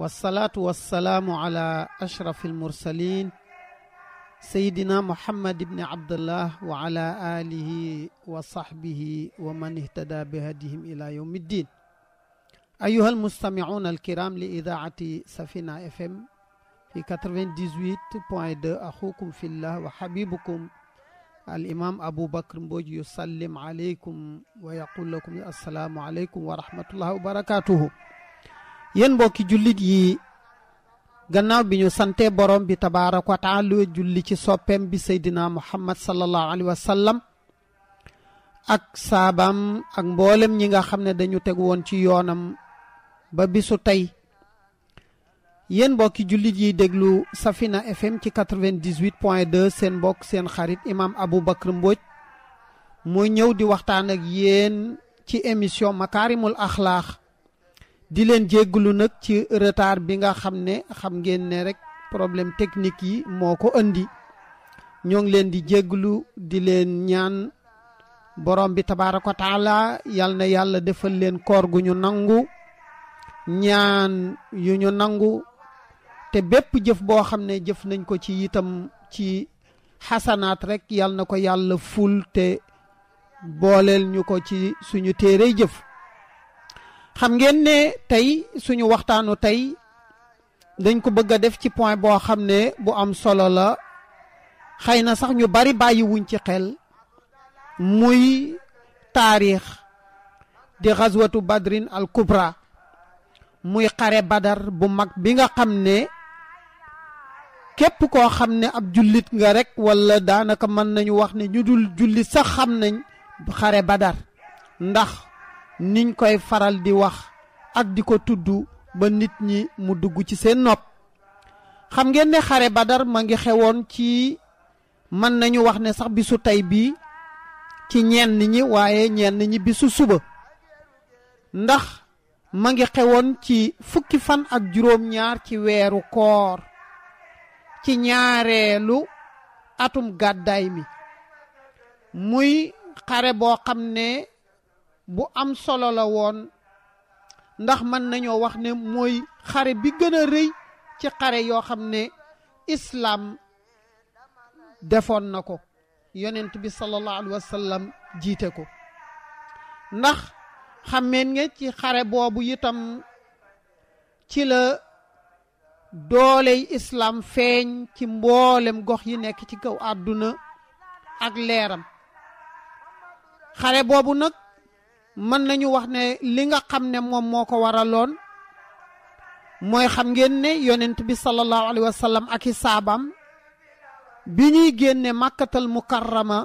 والصلاة والسلام على أشرف المرسلين سيدنا محمد بن عبد الله وعلى آله وصحبه ومن اهتدى بهديهم إلى يوم الدين أيها المستمعون الكرام لإذاعة سفينة اف ام في 98.2 أخوكم في الله وحبيبكم الإمام أبو بكر مبوج يسلم عليكم ويقول لكم السلام عليكم ورحمة الله وبركاته yéen mbokki jullit yi gannaaw bi ñu sante borom bi tabaaraka wa julli ci soppeem bi seydina muhammad sallallahu alayhi wa sallam ak saabam ak mboolem ñi nga xam ne dañu teg woon ci yoonam ba bisu tey yéen mbokki jullit yi déglu Safina FM ci 98 point 2 seen mbokk seen xarit imaam Aboubacar Mbodj mooy ñëw di waxtaan ak yéen ci émission makaarimul axlaax di leen jégglu nag ci retar bi nga xam ne xam ngeen ne rek problème technique yi moo ko indi ñoo ngi leen di jégglu di leen ñaan borom bi tabaaraka taala yal na yàlla defal leen koor gu ñu nangu ñaan yu ñu nangu te bépp jëf boo xam ne jëf nañ ko ci itam ci xasanaat rek yal na ko yàlla ful te booleel ñu ko ci suñu téere jëf xam ngeen ne tey suñu waxtaanu tey dañ ko bëgg a def ci point boo xam ne bu am solo la xëy na sax ñu bari bàyyiwuñ ci xel muy taarix di xaswatu badrin al kubra muy xare badar bu mag bi nga xam ne képp koo xam ne ab jullit nga rekk walla daanaka mën nañu wax ne ñu dul jullit sax xam nañ xare badar ndax niñ koy faral di wax ak di ko tudd ba nit ñi mu dugg ci seen nopp xam ngeen ne xare badar ma ngi xewoon ci man nañu wax ne sax bisu tey bii ci ñenn ñi waaye ñenn ñi bisu suba ndax ma ngi xewoon ci fukki fan ak juróom ñaar ci weeru koor ci ñaareelu atum gàddaay mi muy xare boo xam ne bu am solo la won ndax man nañu wax ne moy xare bi gëna a ci xare yo xamne islam defon nako yonent bi sallallahu alaihi wasallam jité ko ndax xamen nga ci xare bobu itam ci la dooley islam feñ ci mboolem gox yi nek ci kaw aduna ak leram xare bobu nak mën nañu wax ne li nga xam ne moom moo ko waraloon mooy xam ngeen ne yonent bi sallallahu alayhi wa ak i saabam bi ñuy génne màkkatal mukarrama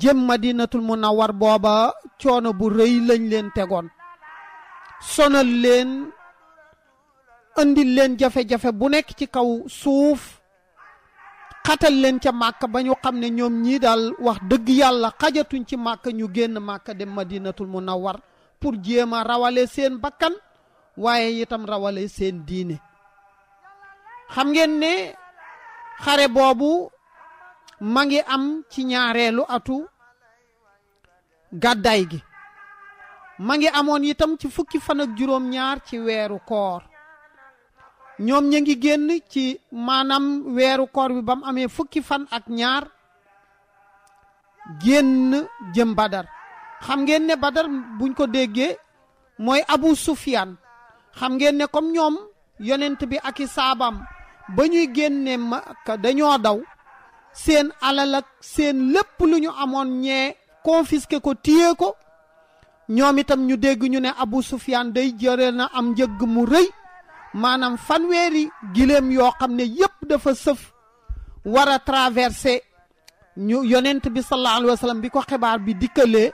jëm madinatul war booba coono bu rëy lañ leen tegoon sonal leen indil leen jafe-jafe bu nekk ci kaw suuf xatal leen ca màkk ba ñu xam ne ñoom ñii daal wax dëgg yàlla xajatuñ ci màkk ñu génn màkk dem na war pour jéem a rawale seen bakkan waaye itam rawale seen diine xam ngeen ne xare boobu ma ngi am ci ñaareelu atu gàddaay gi ma ngi amoon itam ci fukki fan ak juróom ñaar ci weeru koor ñoom ñi ngi génn ci maanaam weeru koor bi bam amee fukki fan ak ñaar génn jëm badar xam ngeen ne badar buñ ko déggee mooy abu sufyan xam ngeen ne comme ñoom yonent bi ak i saabam ba ñuy génne makka daw seen alal ak seen lépp lu ñu amoon ñee confisqué ko téye ko ñoom itam ñu dégg ñu ne abu sufyan day jëre na am njëgg mu rëy maanaam fanweeri giléem yoo xam ne yëpp dafa sëf war a traversé ñu yonent bi sallallahu alayhi bi ko xibaar bi dikkalee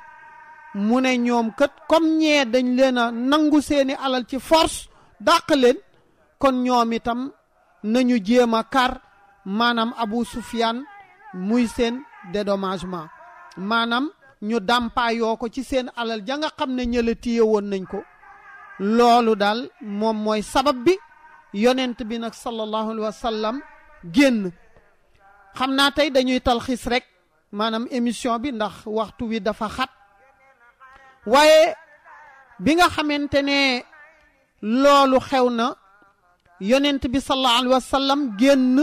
mu ne ñoom kat comme ñee dañ leen a nangu seeni alal ci force dàq leen kon ñoom itam nañu jéem a kar maanaam Abu Sufyaan muy seen dédommagement maanaam ñu dàmpaayoo ko ci seen alal ja nga xam ne ñëla téye woon nañ ko loolu daal moom mooy sabab bi yonent bi nag sallallahu alayhi wa sallam génn xam naa tey dañuy talxiis rek maanaam émission bi ndax waxtu wi dafa xat waaye bi nga xamante ne loolu xew na yonent bi sallallahu alayhi wa sallam génn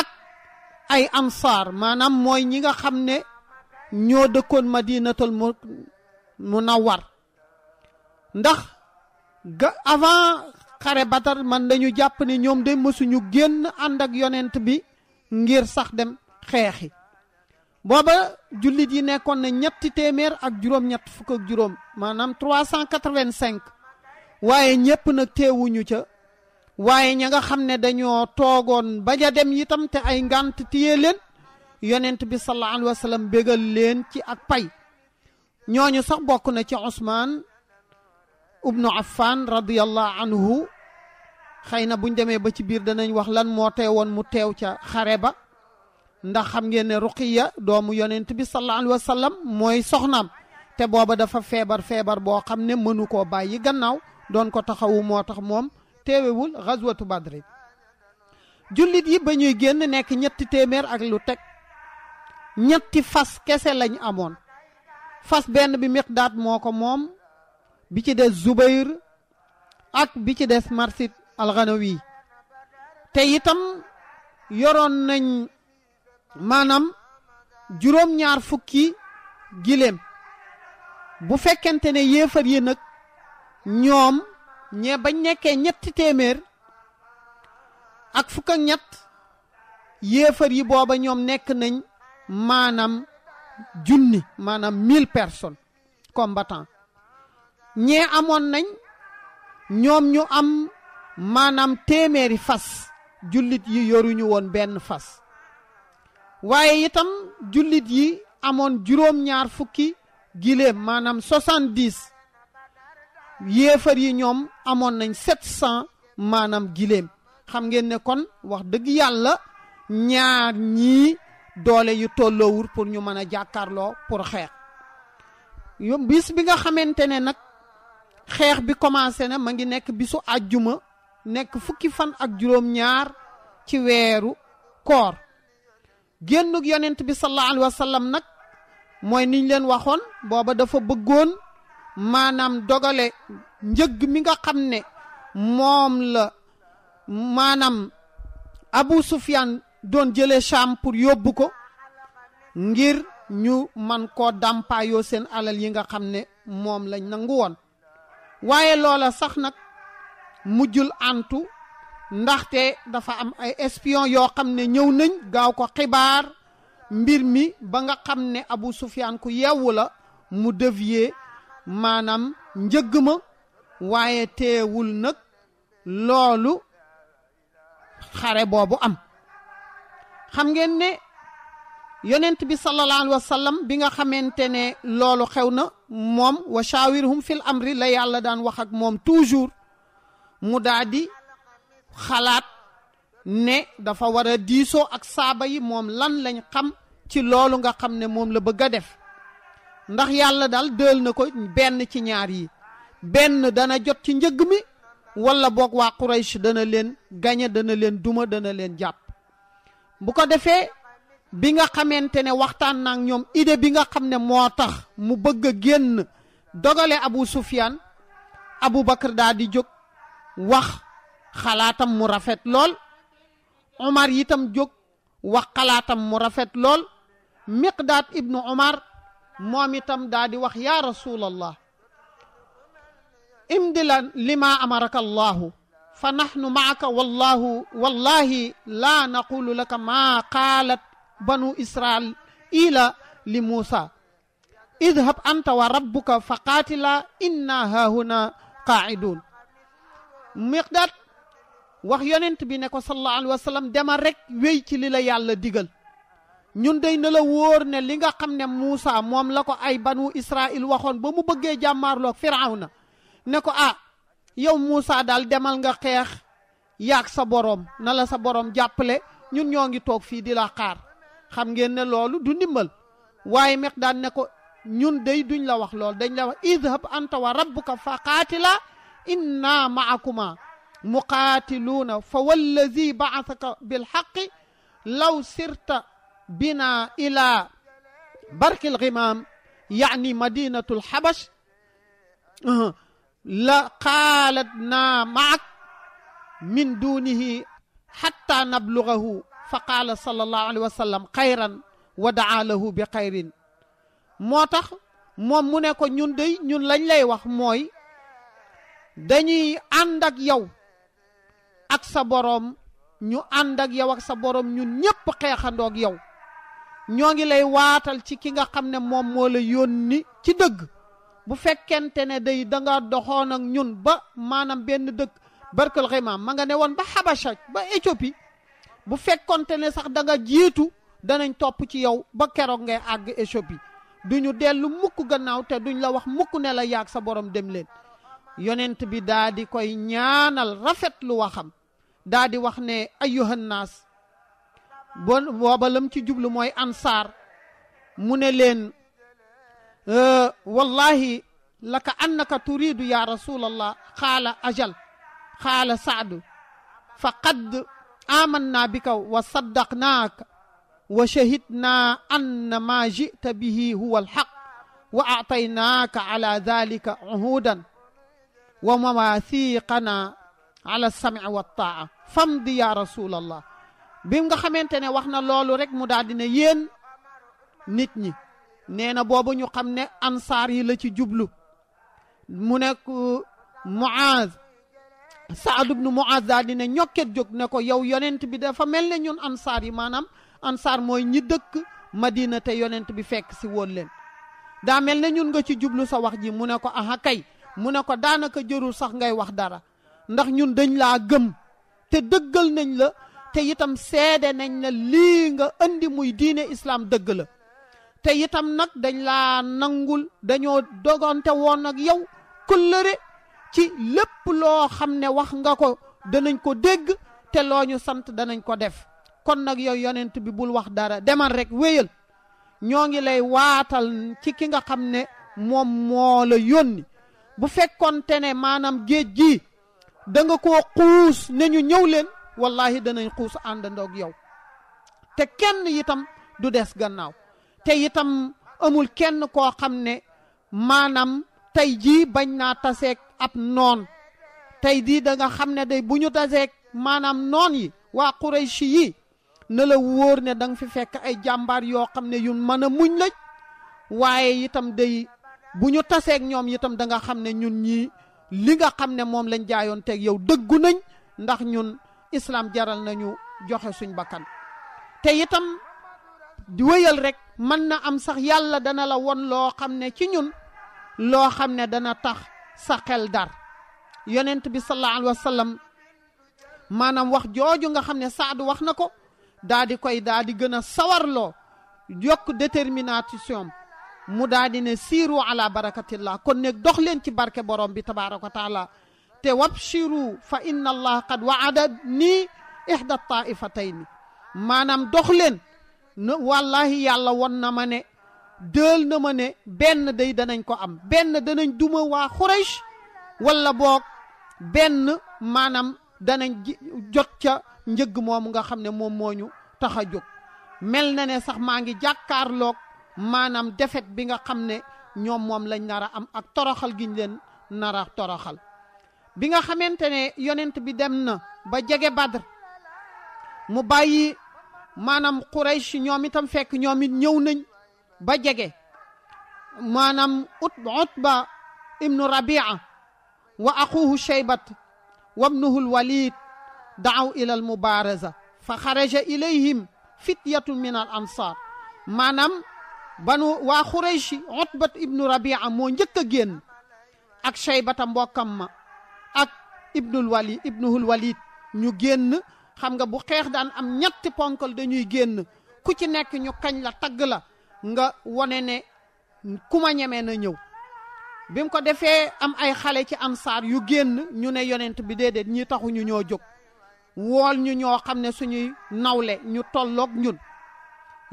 ak ay ansaar maanaam mooy ñi nga xam ne ñoo dëkkoon madinatul munawwar ndax ga avant xare batar man dañu japp ni ñom de mësuñu genn anda ak yonent bi ngir sax dem xexi boba julit yi nekkon na ñetti témèr ak juroom ñett fuk ak juroom manam 385 waye ñepp nak téwuñu ca waye ña nga xam dañoo toogoon baja dem yitam te ay ngant tiye yonent bi sallallahu alayhi wasallam bégal len ci ak pay ñoñu sax bokku na ci Ousmane ابن عفان رضي الله عنه خينا بون ديمي با سي بير داناي واخ لان مو تيوون مو تيو تيا خريبا ندا خام نين رقية دوم يونت بي صلى الله عليه وسلم موي سخنام تي بوبا دا فا فيبر فيبر بو خام ني منو كو باي غناو دون كو تخاو مو تخ موم تيويول غزوه بدر جوليت يي با نيو ген نيك نيت تيمر اك لو تك نيت فاس كيسه لاني امون فاس بن بي مقدار موكو موم bi ci des Zubayr ak bi ci des Marsit alxanawi te itam yoroon nañ maanaam juróom-ñaar fukki giléem bu fekkente ne yéefar yi nag ñoom ñee bañ nekkee ñetti téeméer ak fukk ak ñett yéefar yi booba ñoom nekk nañ maanaam junni maanaam mille personnes combattants ñee amoon nañ ñoom ñu am maanaam téeméeri fas jullit yi yoruñu woon benn fas waaye itam jullit yi amoon juróom-ñaar fukki giléem maanaam soixante-dix yéefar yi ñoom amoon nañ sept cent maanaam giléem xam ngeen ne kon wax dëgg yàlla ñaar ñii doole yu tolloowul pour ñu mën a jàkkaarloo pour xeex bis bi nga xamante ne nag xeex bi commencé na ma ngi nekk bisu àjjuma nekk fukki fan ak juróom-ñaar ci weeru koor génnug yonent bi sallallahu alayhi wa nag mooy niñ leen waxoon booba dafa bëggoon maanaam dogale njëg mi nga xam ne moom la maanaam Abu Sufyan doon jëlee Sham pour yóbbu ko ngir ñu man koo dàmpaayoo seen alal yi nga xam ne moom lañ nangu woon waaye loola sax nag mujjul antu ndaxte dafa am ay espion yoo xam ne ñëw nañ gaaw ko xibaar mbir mi ba nga xam ne Abu Sufyaan ku yewwu la mu dévier maanaam njëgg ma waaye teewul nag loolu xare boobu am xam ngeen ne yonent bi sallallahu wa sallam bi nga xamante ne loolu xew na moom wa shawirhum fil amri la yàlla daan wax ak moom toujours mu daa di xalaat ne dafa war a diisoo ak saaba yi moom lan lañ xam ci loolu nga xam ne moom la bëgg a def ndax yàlla daal dël na ko benn ci ñaar yi benn dana jot ci njëg mi wala boog waa Quraysh dana leen gañe dana leen duma dana leen jàpp bu ko defee bi nga xamantene ne waxtaan naag ñoom idée bi nga xamne ne tax mu bëgg genn dogalé abu Sufyan, abu bakar da di jog wax xalaatam mu rafet lol umar yitam jog wax xalaatam mu rafet lol miqdad ibnu umar moom itam da di wax ya rasulullah imdila lima amaraka Allah, fa nahnu maaka wallahu wallahi la naqulu laka ma qalat banu Israel ila li Musa idhab anta wa rabbuka faqatila inna hahuna qa'idun miqdat wax yonent bi ne ko sallallahu alaihi wasallam dema rek wey ci lila yalla digal ñun day na la wóor ne li nga xamne musa mom la ko ay banu Israel waxon ba mu jamar jàmmaarloog fir'auna ne ko ah yow musa dal demal nga xex yaag sa borom nala sa borom jappale ñun ñoo ngi toog di la xaar xam ngeen ne loolu du ndimbal waaye Miqdaad ne ko ñun day duñ la wax lool dañ la wax idhab anta wa rabbuka fa qaatila inna maakuma muqaatiluuna fa wallazi baasaka bilxaqi law sirta bina ila barki lximaam yani madinatu lxabash la qaalat naa maak min dunihi xatta nablugahu فقال صلى الله عليه وسلم خيرا ودعا له بخير موتاخ موم مو نيكو moom mu ne لاج لاي واخ موي داني اندك ياو اك سا بوروم ak yow ak sa boroom ñu ànd ak yow ak sa boroom ñun ñépp xeexandoog yow ñoo ngi lay waatal ci ki nga xam ne moom moo la yónni ci dëgg bu fekkente ne day da nga doxoon ak ñun ba maanaam benn dëkk barkal xaymaam ma nga ne ba Habasha ba Éthiopie bu fekkonte ne sax daga nga jiitu danañ topp ci yow ba keroog ngay àgg échopi duñu dellu mukk gannaaw te duñ la wax mukk ne la yaag sa borom dem leen yonent bi daa di koy ñaanal rafet lu waxam daa di wax ne ayyuhan naas bon booba lam ci jublu mooy ansaar mu ne leen wallahi laka annaka turidu ya rasulallah qaala ajal qaala saadu faqad amanna bika wa saddaqnaaka wa shahidna anna ma jita bihi huwa alxaq wa aataynaaka ala dalika uhudan wa mawaathiqana ala sam'i wa taa famdi ya rasulallah bi nga xamante ne wax na loolu rek mu daal dina yéen nit ñi nee na boobu ñu xam ne ansaar yi la ci jublu mu nekk muaz sa ibnu Muaz daal di ne ñokket jóg ne ko yow yonent bi dafa mel ne ñun ansaar yi maanaam ansaar mooy ñi dëkk Madina te yonent bi fekk si woon leen daa mel ne ñun nga ci jublu sa wax ji mu ne ko aha kay mu ne ko daanaka jërul sax ngay wax dara ndax ñun dañ laa gëm te dëggal nañ la te itam seede nañ la lii nga ëndi muy diine islaam dëgg la te itam nag dañ laa nangul dañoo dogante woon ak yow kullëre ci lépp loo xam ne wax nga ko danañ ko dégg te looñu sant danañ ko def kon nag yow yonent bi bul wax dara demal rek wéyal ñoo ngi lay waatal ci ki nga xam ne moom moo la yónni bu fekkoonte ne maanaam géej gi da nga koo xuus ne ñu ñëw leen wallahi danañ xuus àndandoog yow te kenn itam du des gannaaw te itam amul kenn koo xam ne maanaam tey jii bañ naa taseek ab noon tey dii danga xam ne day bu ñu taseek maanaam noon yi waa Quraysh yi na la wóor ne da fi fekk ay jàmbaar yoo xam ne yu mën a muñ lañ waaye itam day bu ñu taseeg ñoom yitam da nga xam ne ñun ñii li nga xam ne moom lañ jaayoon teeg yow dëggu nañ ndax ñun islaam jaral nañu joxe suñ bakkan te itam wéyal rek mën na am sax yàlla dana la won loo xam ne ci ñun loo xam ne dana tax sa xel dar yonent bi sallallahu alayhi wa sallam maanaam wax jooju nga xam ne saadu wax na ko daa di koy daa di gën a sawarloo yokk détermination mu daa di ne siiru ala barakatillah kon neg dox leen ci barke borom bi tabaraka taala te wabshiru fa inna allah qad waada nii ihda taifatayni maanaam dox leen wallahi yàlla won na ma ne dël na ma ne benn day danañ ko am benn danañ duma waa Quraysh walla boog benn maanaam danañ jot ca njëgg moomu nga xam ne moom moo ñu tax a jóg mel na ne sax maa ngi jàkkaarloog maanaam defet bi nga xam ne ñoom moom lañ nar a am ak toroxal gi leen nar a toroxal bi nga xamante ne yonent bi dem na ba jege Badr mu bàyyi maanaam Quraysh ñoom itam fekk ñoom it ñëw nañ ba jege maanaam utba ibnu rabia wa axuhu sheybat wabnuhu lwalid daaw ila al mubaaraza fa xaraja ilayhim fityatun min al ansar maanaam banu waa xurayshi utbat ibnu rabia moo njëkk a génn ak cheybata mbokkam ma ak ibnul wali ibnuhul walid ñu génn xam nga bu xeex daan am ñetti ponkal dañuy génn ku ci nekk ñu kañ la tagg la nga wone ne ku ma ñemee na ñëw bi mu ko defee am ay xale ci ansaar yu génn ñu ne yonent bi déedéet ñi taxuñu ñoo jóg wool ñu ñoo xam ne suñuy nawle ñu tolloog ñun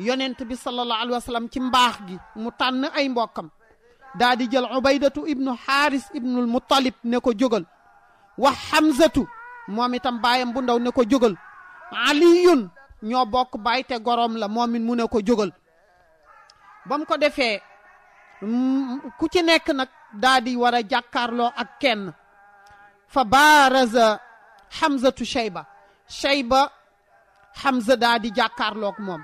yonent bi sallallahu alayhi wa ci mbaax gi mu tànn ay mbokkam daa jël ubaydatu ibnu xaaris ibnul muttalib ne ko jógal wax xamsatu moom itam baayam bu ndaw ne ko jógal aliyun ñoo bokk baay te goroom la moom it mu ne ko jógal ba mu ko defee mm, ku ci nekk nag daa di war a jàkkaarloo ak kenn fa baaraza xamzatu shayba shayba xamza daa di jàkkaarlook moom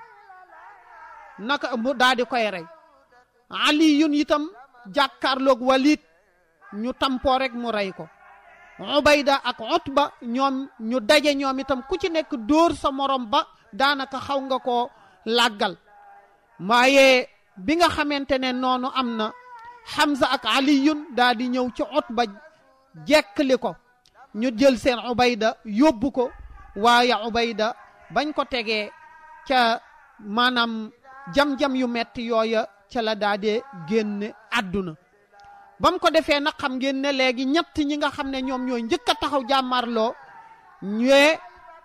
naka mu daa di koy rey aliyun itam jàkkaarloog walid ñu tampoo rek mu rey ko ubayda ak ba ñoom ñu daje ñoom itam ku ci nekk dóor sa morom ba daanaka xaw nga koo làggal maaye bi nga xamante ne noonu am na Hamza ak Aliyun daal di ñëw ci ba jekkali ko ñu jël seen Ubayda yóbbu ko waaye Ubayda bañ ko tegee ca maanaam jam-jam yu metti yooya ca la daa dee génne àdduna ba mu ko defee nag xam ngeen ne léegi ñett ñi nga xam ne ñoom ñooy njëkk a taxaw jàmmarloo ñee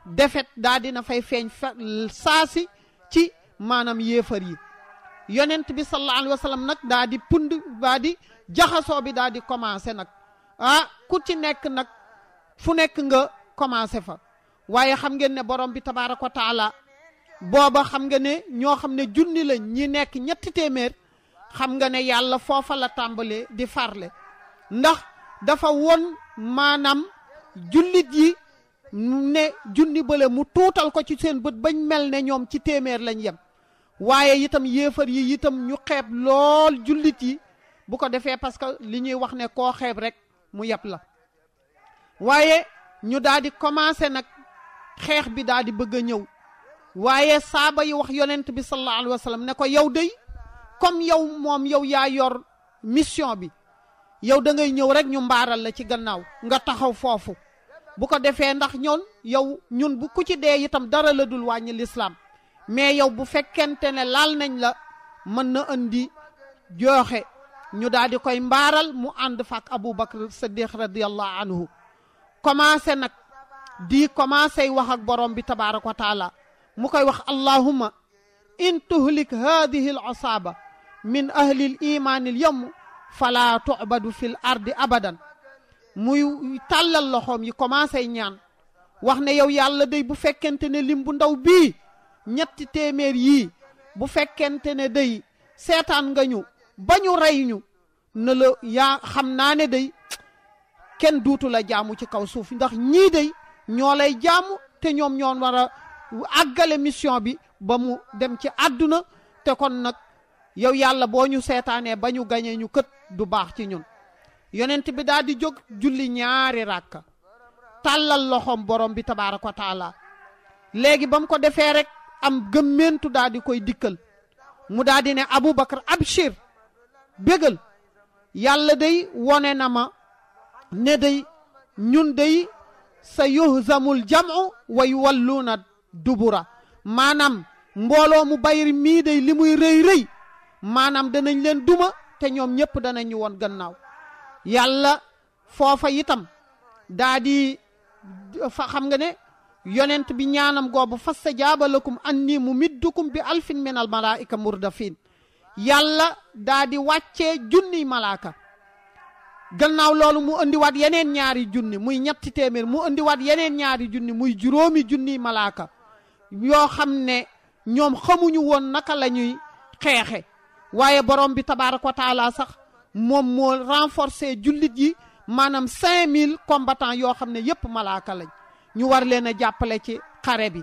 defet daa dina fay feeñ saasi ci maanaam yéefar yi yonent bi sallallahu alayhi wa nag daa di pund daa di jaxasoo bi daa di commencé nag ah ku ci nekk nag fu nekk nga commencé fa waaye xam ngeen ne borom bi tabaaraka wa taala booba xam nga ne ñoo xam ne junni lañ ñi nekk ñetti téeméer xam nga ne yàlla foofa la tàmbalee di farle ndax dafa won maanaam jullit yi ne junni bële mu tuutal ko ci seen bët bañ mel ne ñoom ci téeméer lañ yem waaye itam yéefar yi itam ñu xeeb lool jullit yi bu ko defee parce que li ñuy wax ne koo xeeb rek mu yab la waaye ñu daal di commencé nag xeex bi daal di bëgg a ñëw waaye saaba yi wax yonent bi sallallahu alayhi wa sallam ne ko yow day comme yow moom yow yaa yor mission bi yow da ngay ñëw rek ñu mbaaral la ci gannaaw nga taxaw foofu bu ko defee ndax ñoon yow ñun bu ku ci dee itam dara la dul wàññi l'islam mais yow bu fekkente ne laal nañ la mën na andi joxe ñu daal di koy mbaaral mu ànd fa Aboubacar sadiq radiyallahu anhu commencé nag di commencé wax ak borom bi tabaaraka wa taala mu koy wax allahuma in tuhlik hadihi al min ahli al iman al yawm fala tubadu fi l ardi abadan muy tàllal loxoom yi commencé ñaan wax ne yow yàlla day bu fekkente ne lim bu ndaw bii ñetti téeméer yii bu fekkente ne day seetaan nga ñu ba ñu rey la yaa xam naa ne day kenn duutu la jaamu ci kaw suuf ndax ñii day ñoo lay jaamu te ñoom ñoo war a àggale mission bi ba mu dem ci àdduna te kon nag yow yàlla boo ñu seetaanee bañu ñu gañee ñu kët du baax ci ñun yonent bi daal di jóg julli ñaari ràkka tàllal loxoom borom bi tabaaraka wa taala léegi ba mu ko defee rek am gëmmeentu daal di koy dikkal mu daal di ne Aboubacar abshir bégal yàlla day wone na ma ne day ñun day sa yuhzamul jamu wa yuwalluuna dubura maanaam mbooloo mu bayri mii day li muy rëy rëy maanaam danañ leen duma te ñoom ñëpp danañu woon gannaaw yàlla foofa itam daa di fa xam nga ne yonent bi ñaanam goobu googu fastajaaba lakum anni mumiddukum bi alfin minal malaa'ika murdafin yàlla daa di wàccee junniy malaaka gannaaw loolu mu indiwaat yeneen ñaari junni muy ñetti téeméer mu indiwaat yeneen ñaari junni muy juróomi junniy malaaka yoo xam ne ñoom xamuñu woon naka la ñuy xeexe waaye borom bi tabaaraka wa sax moom moo renforcer jullit yi maanaam cinq mille combattants yoo xam ne yépp malaaka lañ ñu war leen a jàppale ci xare bi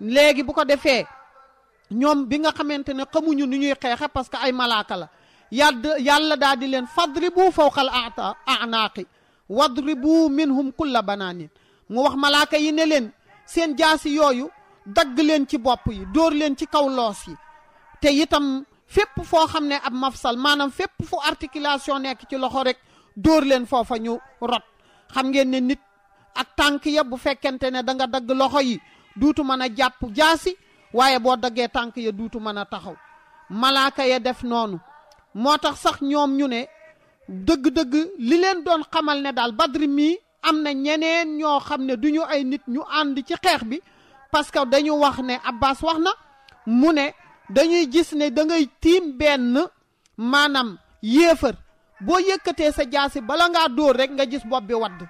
léegi bu ko defee ñoom bi nga xamante ne xamuñu nu ñuy xeexe parce que ay malaaka la yàdd yàlla daa di leen fadribu fawqal anaaqi wadribu minhum kulla banaanin mu wax malaaka yi ne leen seen jaasi yooyu dagg leen ci bopp yi dóor leen ci kaw loos yi te itam fépp foo xam ne ab mafsal maanaam fépp fu articulation nekk ci loxo rek dóor leen foofa ñu rot xam ngeen ne nit ak tànk ya bu fekkente ne da nga dagg loxo yi duutu mën a jàpp jaasi waaye boo daggee tànk ya duutu mën a taxaw malaaka ya def noonu moo tax sax ñoom ñu ne dëgg-dëgg li leen doon xamal ne daal badri mii am na ñeneen ñoo xam ne duñu ay nit ñu ànd ci xeex bi parce que dañu wax ne Abbas wax na mu ne dañuy gis ne dangay ngay tiim benn maanaam yéefar boo yëkkatee sa jaasi bala ngaa dóor rek nga gis bopp bi wadd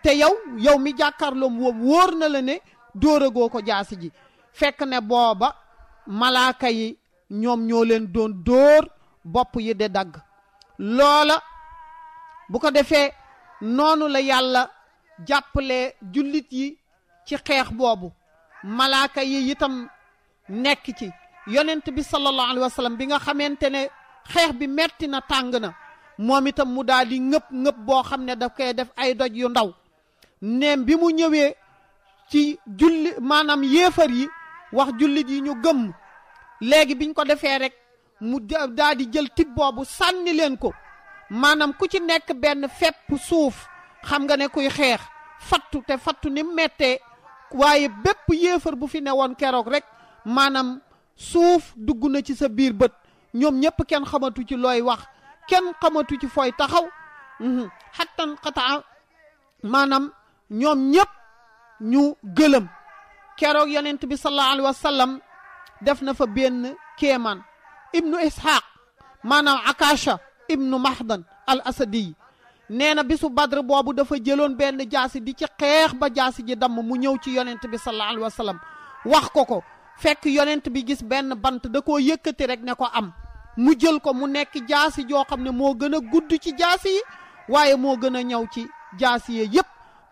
te yow yow mi jàkkaarloo moom wóor na la ne dóoragoo ko jaasi ji fekk ne booba malaaka yi ñoom ñoo leen doon dóor bopp yi de dagg loola bu ko defee noonu la yàlla jàppale jullit yi ci xeex boobu malaaka yi itam nekk ci yonent bi sallallahu alayhi wa bi nga xamante ne xeex bi metti na tàng na moom itam mu daal di ngëpp ngëpp boo xam ne daf koy def ay doj yu ndaw neen bi mu ñëwee ci julli maanaam yéefar yi wax jullit yi ñu gëmm léegi biñ ko defee rek mu daal di jël tib bu sànni leen ko maanaam ku ci nekk benn fepp suuf xam nga ne kuy xeex fattu te fattu ni mettee waaye bépp yéefar bu fi ne woon keroog rek maanaam suuf dugg na ci sa biir bët ñoom ñëpp kenn xamatu ci looy wax kenn xamatu ci fooy taxaw xattan mhm. xataa maanaam ñom ñep ñu gëlem kérok yonent bi sallallahu alaihi wasallam def na fa ben ibnu ishaq manam akasha ibnu mahdan al Asadi. neena bisu badr bobu dafa jëloon ben jaasi di ci xex ba jaasi ji dam mu ñew ci yonent bi sallallahu alaihi wasallam wax ko ko fekk yonent bi gis ben bant da ko yëkëti rek ne ko am mu jël ko mu nekk jaasi jo xamne mo gëna gudd ci jaasi waye mo gëna ñew ci jaasi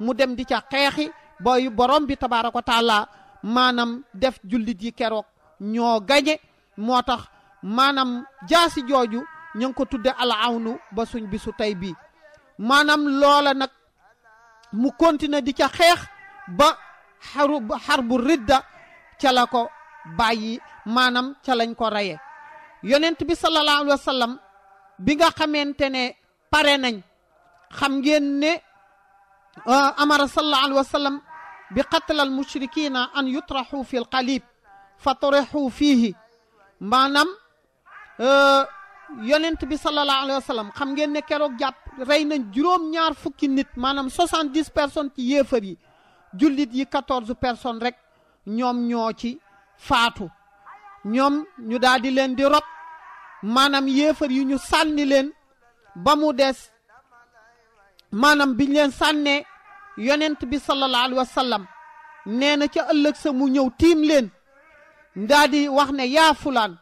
mu dem di ca xeexi booyu borom bi tabaaraka ko taala maanaam def jullit yi keroog ñoo gañe moo tax maanaam jaasi jooju ñu ngi ko tudde al awnu ba suñ bisu tey bii maanaam loola nag mu continuer di ca xeex ba xaru xar bu ridda ca la ko bàyyi maanaam ca lañ ko reye yonent bi sallallahu bi nga xamante ne pare nañ xam ngeen ne أمر صلى الله عليه وسلم بقتل المشركين أن يطرحوا في القليب فطرحوا فيه maanaam yonent bi sallallahu alayhi wa sallam xam ngeen ne keroog jàpp rey nañ juróom-ñaar fukki nit maanaam soixante dix personnes ci yéefar yi jullit yi quatorze personnes rek ñoom ñoo ci faatu ñoom ñu daal di leen di rob maanaam yéefar yi ñu sànni leen ba mu des manam biñ leen sànne yonent bi sallallahu alayhi wasallam sallam ci na ëllëg sa mu ñëw tiim leen ndaa di wax ne yaa fulaan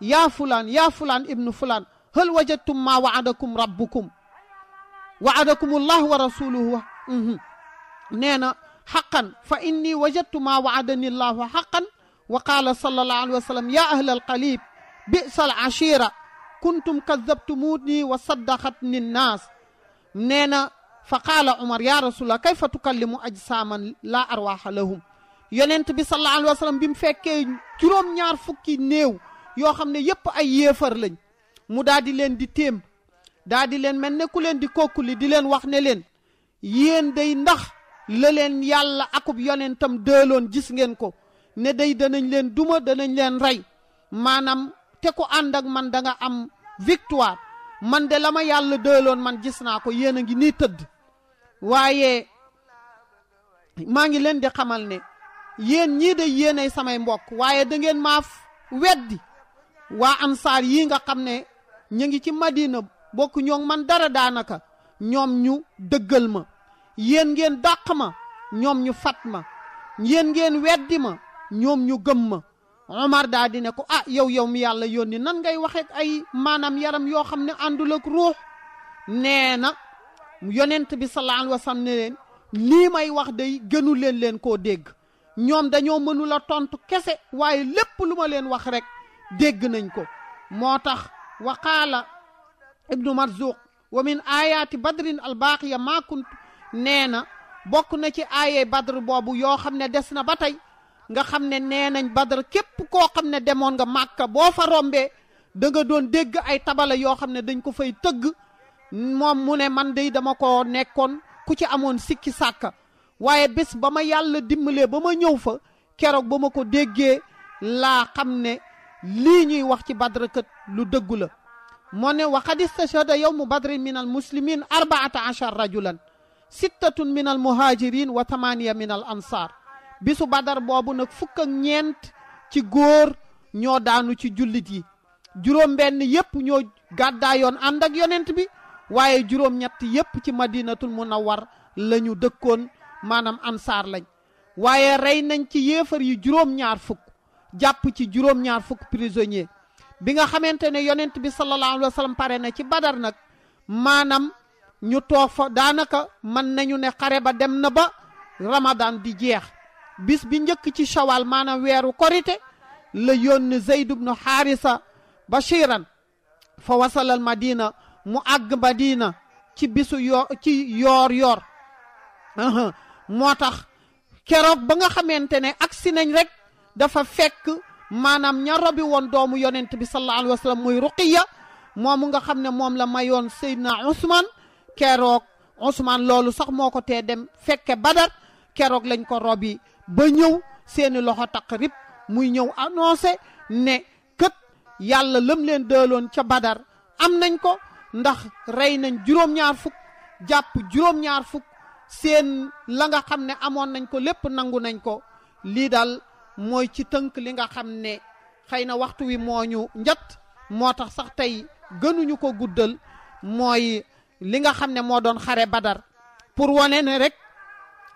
yaa fulaan yaa fulaan ibnu fulaan hal wajadtum ma waadakum rabbukum waadakum allah wa rasuluhu nee na xaqan fa inni wajadtu ma waadani llahu xaqan wa qaala sallallahu alayhi wasallam sallam yaa ahla alqalib bisa al ashira kuntum kadabtumuuni wa saddaqatni nnaas nee na fa qaala umar ya rasulallah kayfa tukallimu ajsaaman laa arwaaxa lahum yonent bi sallallahu alayhi wa bi mu fekkee juróom-ñaar fukki néew yoo xam ne yépp ay yéefar lañ mu daal di leen di téem daal di leen mel ne ku leen di kokkuli di leen wax ne leen yéen day ndax la leen yàlla akub yonentam dëeloon gis ngeen ko ne day danañ leen duma danañ leen rey maanaam te ku ànd man danga am victoire man de la ma yàlla doyloon man gis naa ko yéen a ngi nii tëdd waaye maa ngi leen di xamal ne yéen ñii de yéenay samay mbokk waaye da ngeen maaf weddi waa ansaar yii nga xam ne ñu ngi ci madina bokk ñoo man dara daanaka ñoom ñu dëggal ma yéen ngeen daq ma ñoom ñu fat ma yéen ngeen weddi ma ñoom ñu gëm ma Omar daa di ne ko ah yow yow mi yàlla yónni nan ngay waxeek ay maanaam yaram yoo xam ne àndul ak ruux nee na yonent bi salaan wa sallam ne leen lii may wax day gënu leen leen koo dégg ñoom dañoo mënula tontu kese waaye lépp lu ma leen wax rek dégg nañ ko moo tax wa qaala ibnu marzuq wa min ayaati badrin albaaqiya maakunt nee na bokk na ci aaye badr boobu yoo xam ne des na ba tey nga xamne nenañ badr kep ko xamne koo nga màkka bo fa rombe da nga don deg ay tabala yo xamne dañ ko fay teug mom mune man day dama ko nekkon ku ci amone sikki saka waye bés bama yàlla dimbele bama ñëw fa kérok bama ko déggé la xamne li ñuy wax ci badr kat lu dëggu la moo ne wa hadith shada yawm badr min al muslimin 14 rajulan sittatun min al muhajirin wa thamaniya min al ansar bisu badar boobu nag fukk ak ñeent ci góor ñoo daanu ci jullit yi juróom benn yépp ñoo gàddaayoon ànd ak yonent bi waaye juróom ñett yépp ci madinatul war lañu dëkkoon maanaam ansaar lañ waaye rey nañ ci yéefar yi juróom ñaar fukk jàpp ci juróom ñaar fukk prisonnier bi nga xamante ne yonent bi sallallahu alayhi wa sallam pare na ci badar nag maanaam ñu toog fa daanaka mën nañu ne xare ba dem na ba ramadan di jeex bis bi njëkk ci shawal maanaam weeru korite la yónni zeyd ibnu xaarisa bashiran fa wasalal madina mu àgg madina ci bisu yo ci yoor yoor moo tax keroog ba nga xamante ne agsi nañ rek dafa fekk maanaam ña robi woon doomu yonent bi sallallahu alayhi wa sallam muy ruqiya moomu nga xam ne moom la mayoon Seydina Ousmane keroog Ousmane loolu sax moo ko tee dem fekke Badar keroog lañ ko robi ba ñëw seeni loxo taq rib muy ñëw annoncé ne kët yàlla lëm leen dëloon ca badar am nañ ko ndax rey nañ juróom-ñaar fukk jàpp juróom-ñaar fukk seen la nga xam ne amoon nañ ko lépp nangu nañ ko lii daal mooy ci tënk li nga xam ne xëy na waxtu wi moo njat moo tax sax tey gënuñu ko guddal mooy li nga xam ne moo doon xare badar pour wane ne rek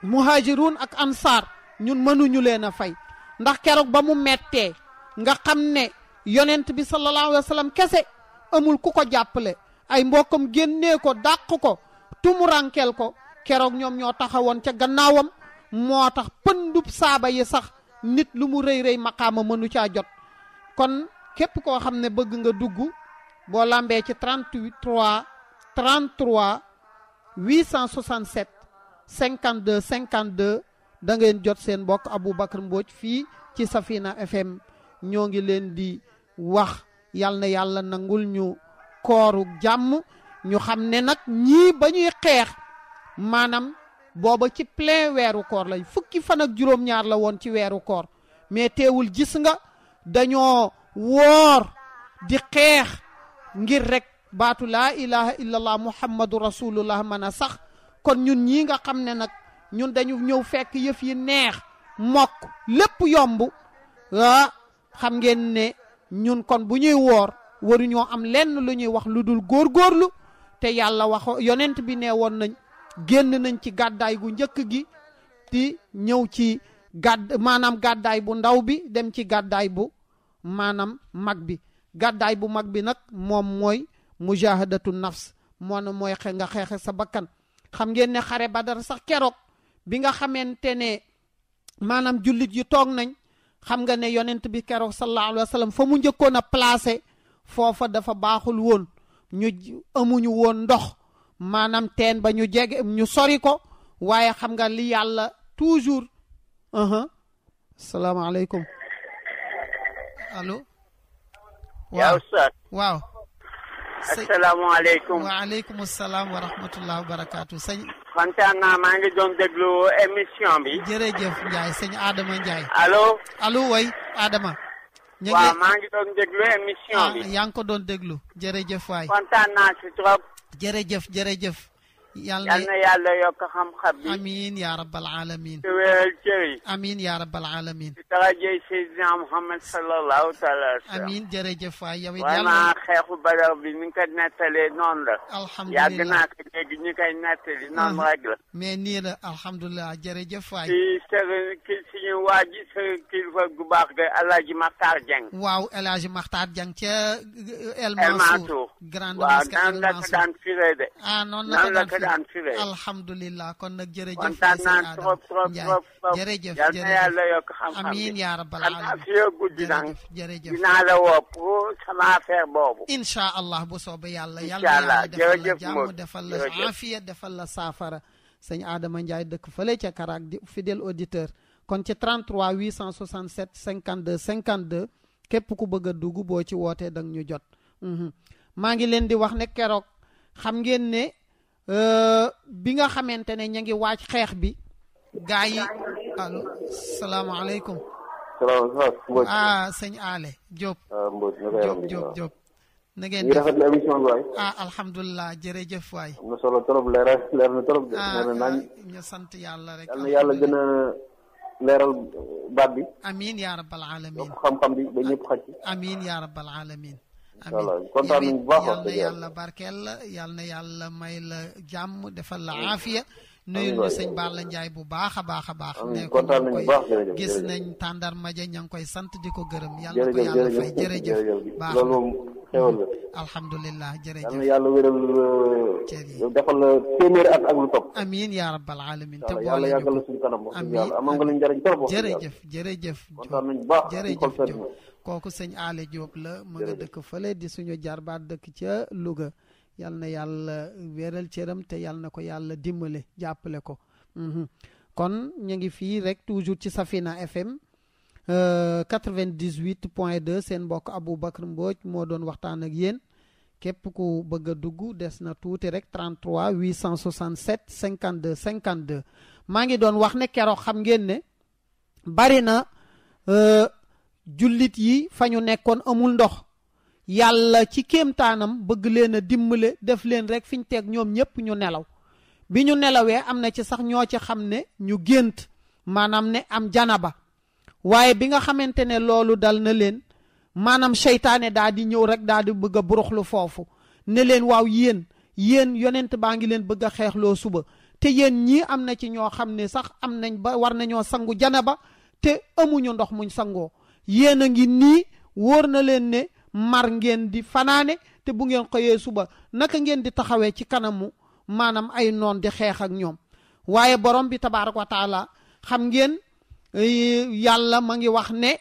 muhajirun ak ansaar ñun mënu ñu leena fay ndax kérok ba mu metté nga xamné yonent bi sallallahu alayhi wasallam kessé kese amul ku ko jàppale ay mbokam génné ko dakk ko rankel ko kérok ñom ñoo taxawon ca gannaawam motax pendup saaba yi sax nit lu mu reey reey maqama mënu caa jot kon képp ko xamné bëgg nga dugg bo lambé ci 33 33 867 52 52 da ngeen jot seen mbokk Aboubacar Mbodj fii ci Safina efem ñoo ngi leen di wax yal na yàlla nangul ñu kooru jàmm ñu xam ne nag ñii ba ñuy xeex maanaam booba ci plein weeru koor lañ fukki fan ak juróom-ñaar la woon ci weeru koor mais teewul gis nga dañoo woor di xeex ngir rek baatu laa ilaha illallah muhammadu rasulullah mën a sax kon ñun ñii nga xam ne nag ñun dañu ñëw fekk yëf yi neex mokk lépp yomb ah xam ngeen ne ñun kon bu ñuy woor waruñoo am lenn lu ñuy wax lu dul góor góorlu te yàlla wax yonent bi nee woon nañ génn nañ ci gàddaay gu njëkk gi di ñëw ci gàdd maanaam gàddaay bu ndaw bi dem ci gàddaay bu maanaam mag bi gàddaay bu mag bi nag moom mooy mujahadatu nafs moo na mooy xe nga xeexe sa bakkan xam ngeen ne xare badar sax keroog bi nga xamantene manam julit yu tok nañ xam nga ne yonent bi kero sallallahu alaihi wasallam fa mu njëkkoon a placé foofa dafa baaxul woon ñu amuñu woon ndox maanaam teen ba ñu jege ñu sori ko waaye xam nga li yàlla toujours uh-huh. aha salaamaaleykum allo waaw waaw asalaamaaleykum wa aleykum wa rahmatullahi wa barakatuh kontaan naa maa ngi doon déglu émission bi. jërëjëf Ndiaye sëñ Adama Ndiaye. alo allo way Adama. ñu maa ngi doon déglu émission bi. Ah, yaa ngi ko doon déglu jërëjëf waay. kontaan naa si trop. jërëjëf. يالنا يالا يا خام خبي امين يا رب العالمين امين يا رب العالمين يا سيدنا محمد صلى يا عليه وسلم امين درجه فا يا يا يالا وانا خيخو يا بي نك ناتلي آه. يا لا الحمد لله يا يا يا يا يا يا يا يا جناك دي ني كاي ناتلي نون رك لا مي ني لا الحمد لله درجه فا سي سيرن كي سي واجي سيرن كي فا غباخ دي الله جي مختار جان واو الله جي مختار جان تي ال مانسو غراند مسكان ال مانسو اه نون لا daan fi lay alhamdullilah kon nak jërëjëf kontaan naa trop trop trop trop jërëjëf jërëjëf ya yal na yàlla xam-xam amin ya rabbal alamin xam fi yoo guddi nag jërëjëf dinaa la woo sama affaire boobu insha allah bu soobe yàlla yàlla jërëjëf jàmm defal la afiya defal la saafara sëñ adama ndiaye dëkk fële ca karaak di fidèle auditeur kon ci 33 867 52 52 képp ku bëgg a dugg boo ci wootee dang ñu jot mhm. maa ngi leen di wax ne keroog xam ngeen ne bi nga xamante ne ña ngi waaj xeex bi gaa yi allo salaamaaleykum ah sëñ Aale Diop ah, Diop Diop Diop ngeen def rafetlu émission bi waay ah alhamdulilah jërëjëf waay am na solo trop ah, rek yal yàlla bi amin yaa rabbal alamin xam incha allah kontaan nañu bu baax yal na yàlla barkeel la yal na yàlla may la jàmm defal la aafiya nuyul ñu sëñ la Ndiaye bu baax a baax a baax ne ko koy gis nañ tàndarma ja ña ngi koy sant di ko gërëm yàlla na ko yàlla fay jërëjëf baax alhamdulilah jërëjëf yàlla wéral defal la téeméeri at ak lu topp. amiin yaa kooku sëñ Aale Diop la ma nga dëkk fële di suñu jarbaat dëkk ca Louga yal na yàlla wéeral cëram te yal na ko yàlla dimbale jàppale ko kon ñu ngi fii rek toujours ci Safina FM 98 point 2 seen mbokk abu Aboubacar Mbodj moo doon waxtaan ak yéen képp ku bëgg a dugg des na tuuti rek 33 867 52 52 maa ngi doon wax ne keroog xam ngeen ne bari na euh, jullit yi fa ñu nekkoon amul ndox yàlla ci kéemtaanam bëgg leen a dimbale def leen rek fi ñu teg ñoom ñépp ñu nelaw bi ñu nelawee am na ci sax ñoo ci xam ne ñu gént maanaam ne am janaba waaye bi nga xamante ne loolu dal na leen maanaam seytaane daa di ñëw rek daa di bëgg a buruxlu foofu ne leen waaw yéen yéen yonent baa ngi leen bëgg xeexloo suba te yéen ñii am na ci ñoo xam ne sax am nañ ba war nañoo sangu jana ba te amuñu ndox muñ sangoo yéen a ngi nii wóor na leen ne mar ngeen di fanaane te bu ngeen xëyee suba naka ngeen di taxawee ci kanamu maanaam ay noon di xeex ak ñoom waaye borom bi tabaaraka wa xam ngeen eh, yàlla ma ngi wax ne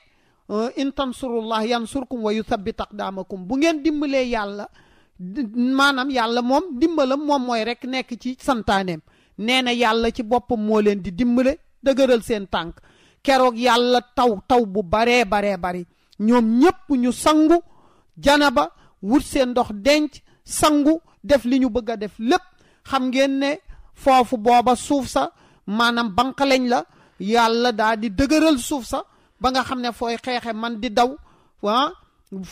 Uh, in tansurullah yansurkum wa yuthabbit aqdaamakum bu ngeen dimbalee yàlla maanaam yàlla moom dimbalam moom mooy rek nekk ci santaaneem nee na yàlla ci boppam moo leen di dimbale dëgëral seen tànk keroog yàlla taw taw bu baree baree bari ñoom ñépp ñu sangu ba wut seen ndox denc sangu def li ñu bëgg a def lépp xam ngeen ne foofu booba suuf sa maanaam banqaleñ la yàlla daa di dëgëral suuf sa ba nga xam ne fooy xeexe man di daw ah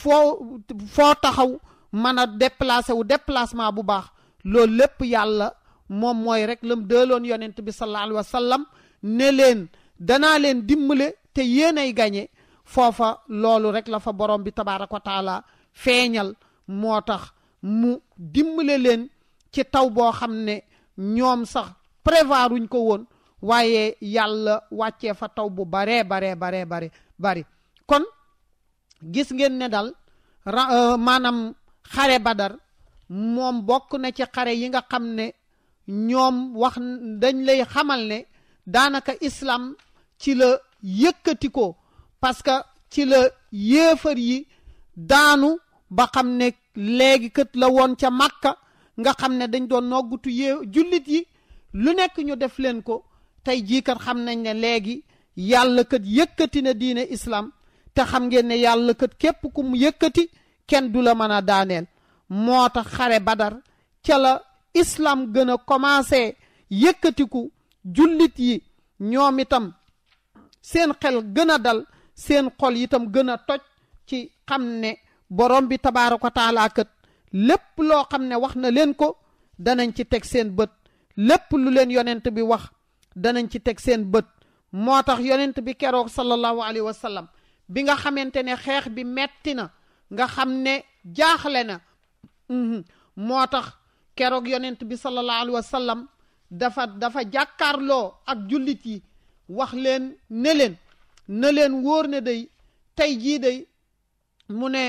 foo foo taxaw mën a déplacé wu déplacement bu baax loolu lépp yàlla moom mooy rek lam dëloon yonent bi sallallahu alayhi wa sallam ne leen danaa leen dimbale te yéen ay gañe foofa loolu rek la fa borom bi tabaaraka wa feeñal moo tax mu dimbale leen ci taw boo xam ne ñoom sax prévoiruñ ko woon waaye yàlla wàccee fa taw bu baree baree baree bare bari kon gis ngeen ne dal euh, maanaam xare badar moom bokk na ci xare yi nga xam ne ñoom wax dañ lay xamal ne daanaka islam ci la yëkkati ko parce que ci la yéefar yi daanu ba xam ne léegi kët la woon ca màkka nga xam ne dañ doon noggutu yée jullit yi lu nekk ñu def leen ko tay ji kat xam nañ ne léegi yàlla kat yëkkati na diine islam te xam ngeen ne yàlla kat képp ku mu yëkkati kenn du la mën a xare badar ca la islam gën a commencé yëkkatiku jullit yi ñoom itam seen xel gën dal seen xol itam gën a toj ci xam ne borom bi tabaraka taala kat lépp loo xam ne wax na leen ko danañ ci teg seen bët lépp lu leen yonent bi wax danañ ci teg seen bët moo tax yonent bi keroog sallallahu alayhi wa sallam bi nga xamante ne xeex bi metti na nga xam ne jaaxle na moo tax keroog yonent bi sallallahu alayhi wa sallam dafa dafa jàkkaarloo ak jullit yi wax leen ne leen ne leen wóor ne day tey jii day mu ne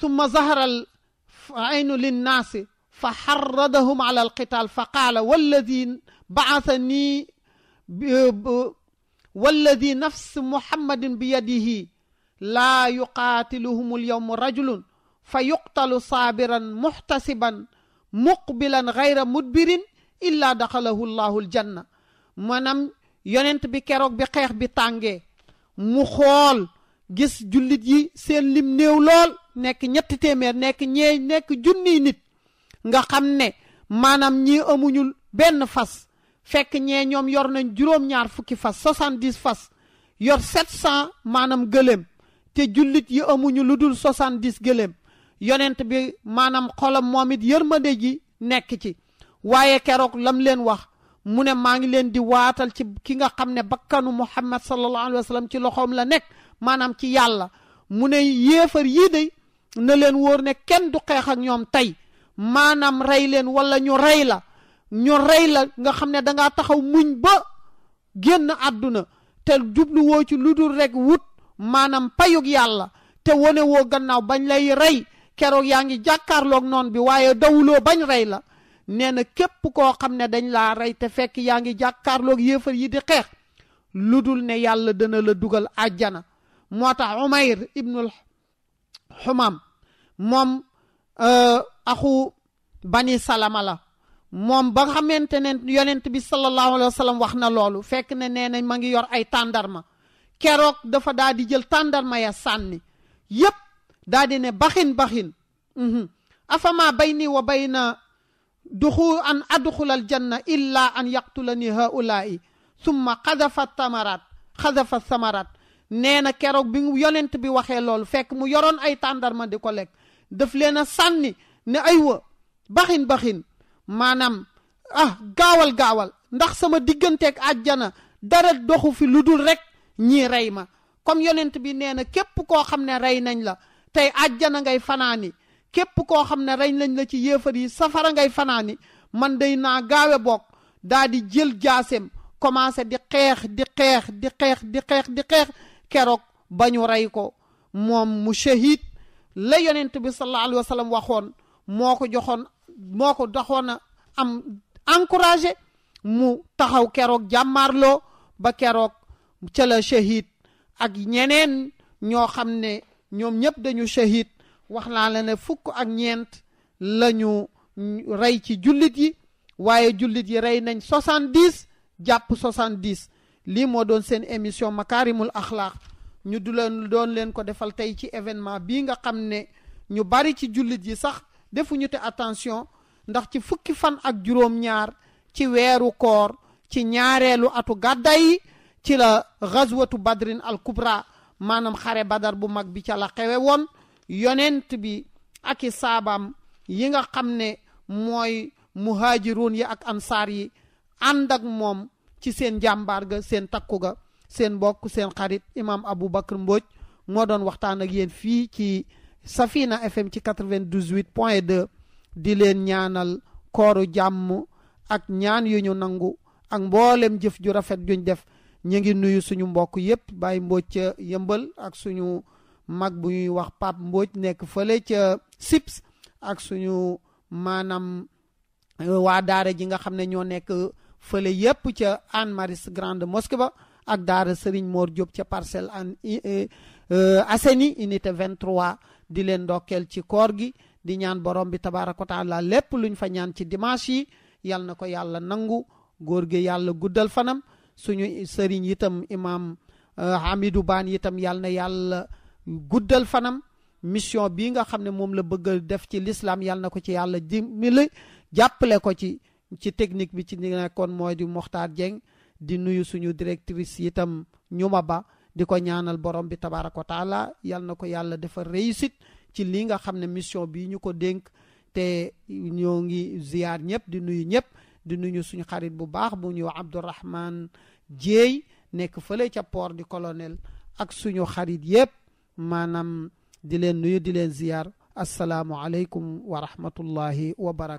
summa zaharal aynu linnaasi فحرضهم على القتال فقال والذي بعثني والذي نفس محمد بيده لا يقاتلهم اليوم رجل فيقتل صابرا محتسبا مقبلا غير مدبر إلا دخله الله الجنة منم يوننت بي keroog بي خيخ بي تانغي مو خول gis جوليت يي سين ليم نيو لول نيك نيت تيمير نيك ني نيك جوني نيت nga xam ne maanaam ñii amuñu benn fas fekk ñee ñoom yor nañ juróom-ñaar fukki fas soixante-dix fas yor sept cent maanaam gëléem te jullit yi amuñu lu dul soixante-dix gëléem yonent bi maanaam xolam moom it yërmande ji nekk ci waaye keroog lam leen wax mu ne maa ngi leen di waatal ci ki nga xam ne bakkanu muhammad sallallahu alayhi wa sallam ci loxoom la nekk maanaam ci yàlla mu ne yéefar yii day na leen wóor ne kenn du xeex ak ñoom tey maanaam rey leen walla ñu rey la ñu rey la nga xam ne dangaa taxaw muñ ba génn àdduna te jubluwoo ci lu dul rekk wut maanaam payug yàlla te wone woo gannaaw bañ lay rey keroog yaa ngi jàkkaarlook noon bi waaye dawuloo bañ rey la nee na képp koo xam ne dañ laa rey te fekk yaa ngi jàkkaarlook yéefar yi di xeex lu dul ne yàlla dana la dugal àjjana moo tax umayr ibnul xumaam moom euh, axu bani salama la moom ba xamante ne yonent bi sallallahu alayhi wa wax na loolu fekk ne nee nañ ma ngi yor ay tàndarma keroog dafa daal di jël tàndarma ya sànni yépp daal di ne baxin baxin mhm. afama bayni wa bayna duxu an adxula al janna illa an yaqtulani haulaai summa xadafa samarat xadafa samarat nee na keroog bi yonent bi waxee loolu fekk mu yoroon ay tàndarma di ko lekk daf leen a sànni ne aywa baxin baxin maanaam ah gaawal gaawal ndax sama digganteeg àjjana dara doxu fi lu dul rek ñii rey ma comme yonent bi nee na képp koo xam ne rey nañ la tey àjjana ngay fanaani képp koo xam ne rey nañ la ci yéefar yi safara ngay fanaani man day naa gaawe bokk daa di jël jaaseem commencé di xeex di xeex di xeex di xeex keroog ba ñu rey ko moom mu shahid la yonent bi sallallahu alayhi wa waxoon moo ko joxoon moo ko doxoon a am encouragé mu taxaw keroog jàmmaarloo ba keroog ca la ak ñeneen ñoo xam ne ñoom ñëpp dañu shahid wax naa la ne fukk ak ñeent lañu rey ci jullit yi waaye jullit yi rey nañ soixante-dix jàpp soixante-dix lii moo doon seen émission makaarimul axlaaq ñu du leen doon leen ko defal tey ci événement bii nga xam ne ñu bari ci jullit yi sax defuñu te attention ndax ci fukki fan ak juróom-ñaar ci weeru koor ci ñaareelu atu gàddaay yi ci la xazwatu badrin al kubra maanaam xare badar bu mag bi ca la xewe woon yonent bi ak i saabaam yi nga xam ne mooy muhaajiroon yi ak ansaar yi ànd ak moom ci seen jàmbaar ga seen takku ga seen mbokk seen xarit abu Aboubacar Mbodj moo doon waxtaan ak yéen fii ci Safina FM ci 98 point 2 di leen ñaanal kooru jàmm ak ñaan yu ñu nangu ak mboolem jëf ju rafet juñ def ñu ngi nuyu suñu mbokk yépp bay mbooj ca yëmbal ak suñu mag bu ñuy wax pap mbooj nekk fële ca sips ak suñu maanaam euh, waa daara ji nga xam ne ñoo nekk fële yépp ca Anne Maris Grande Mosquée ba ak daara Serigne Mor Diop ca parcelle Parcelles Assainies unité 23 di leen ndokkeel ci koor gi di ñaan borom bi tabaaraka taala lépp luñ fa ñaan ci dimanche yi yal na ko yàlla nangu góor gi yàlla guddal fanam suñu sëriñ itam imaam euh, Hamidou baan itam yal na yàlla guddal fanam mission bii nga xam ne moom la bëgg def ci lislaam yal na ko ci yàlla dimbali jàppale ko ci ci technique bi ci nekkoon mooy di Mokhtar Dieng di nuyu suñu directrice yitam ñu ba di ko ñaanal borom bi tabaaraka wa yal na ko yàlla dafa réussite ci lii nga xam ne mission bii ñu ko dénk te ñoo ngi ziyaar ñëpp di nuyu ñëpp di nuyu suñu xarit bu baax bu ñuy wax Abdourahman Jéey nekk fële ca port du colonel ak suñu xarit yëpp maanaam di leen nuyu di leen ziyaar asalaamualeykum wa rahmatullahi wa